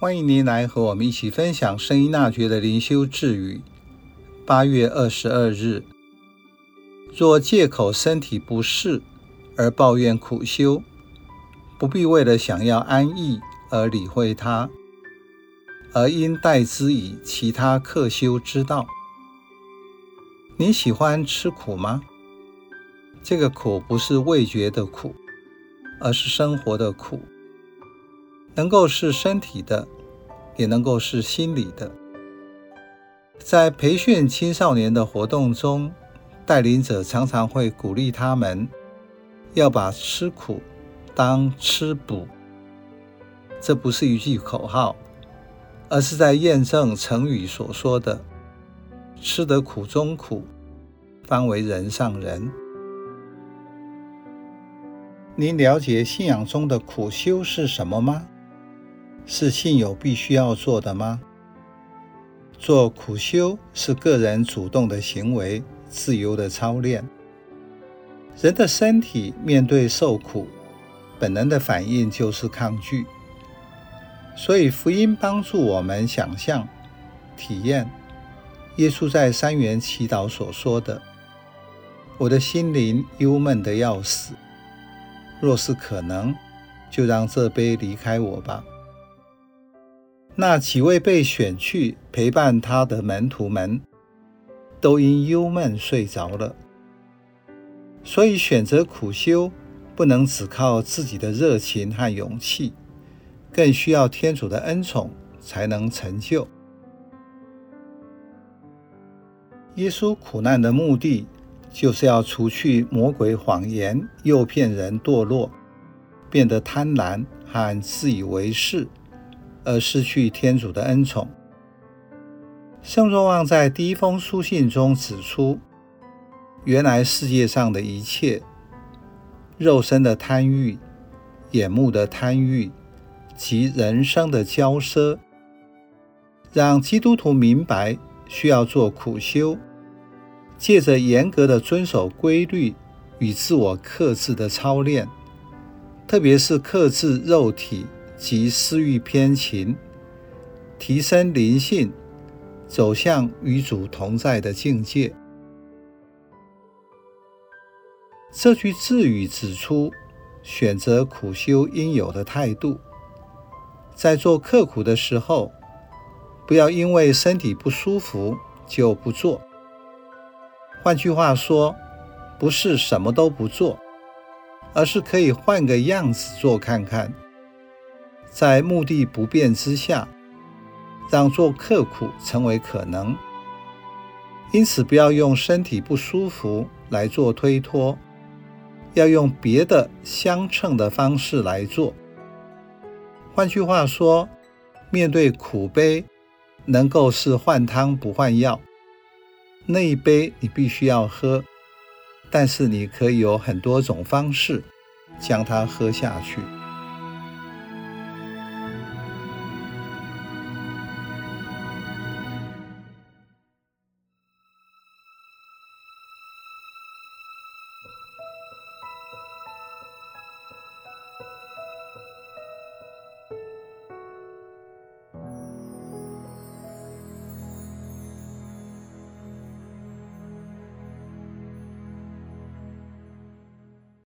歡迎您來和我們一起分享依納爵的靈修智語。八月二十二日，若借口身體不適而抱怨苦修，不必為了想要安逸而理會它，而應代之以其他克修之道。您喜歡吃苦嗎？這個苦不是味覺的苦，而是生活的苦。能夠是身體的，也能夠是心理的。在培訓青少年的活動中，帶領者常常會鼓勵他們要把吃苦當吃補。這不是一句口號，而是在驗證成語所說的“吃得苦中苦，方為人上人”。您了解信仰中的苦修是什麼嗎？是信友必須要做的嗎？做苦修是個人主動的行為，自由的操練。人的身體面對受苦，本能的反應就是抗拒。所以福音幫助我們想象、體驗耶穌在山園祈禱所說的：“我的心靈憂悶得要死，若是可能，就讓這杯離開我吧。”那幾位被選去陪伴他的門徒們，都因憂悶睡着了。所以選擇苦修，不能只靠自己的熱情和勇氣，更需要天主的恩寵才能成就。耶穌苦難的目的，就是要除去魔鬼謊言，誘騙人墮落，變得貪婪和自以為是。而失去天主的恩寵。聖若望在第一封書信中指出，原來世界上的一切，肉身的貪欲、眼目的貪欲及人生的驕奢，讓基督徒明白需要做苦修，借着嚴格的遵守規律與自我克制的操練，特別是克制肉體。及私欲偏情，提升靈性，走向與主同在的境界。這句智語指出，選擇苦修應有的態度。在做刻苦的時候，不要因為身體不舒服就不做。換句話說，不是什麼都不做，而是可以換個樣子做看看。在目的不變之下，讓做克苦成為可能。因此，不要用身體不舒服來做推託，要用別的相稱的方式來做。換句話說，面對苦杯能夠是換湯不換藥。那一杯你必須要喝，但是你可以有很多種方式將它喝下去。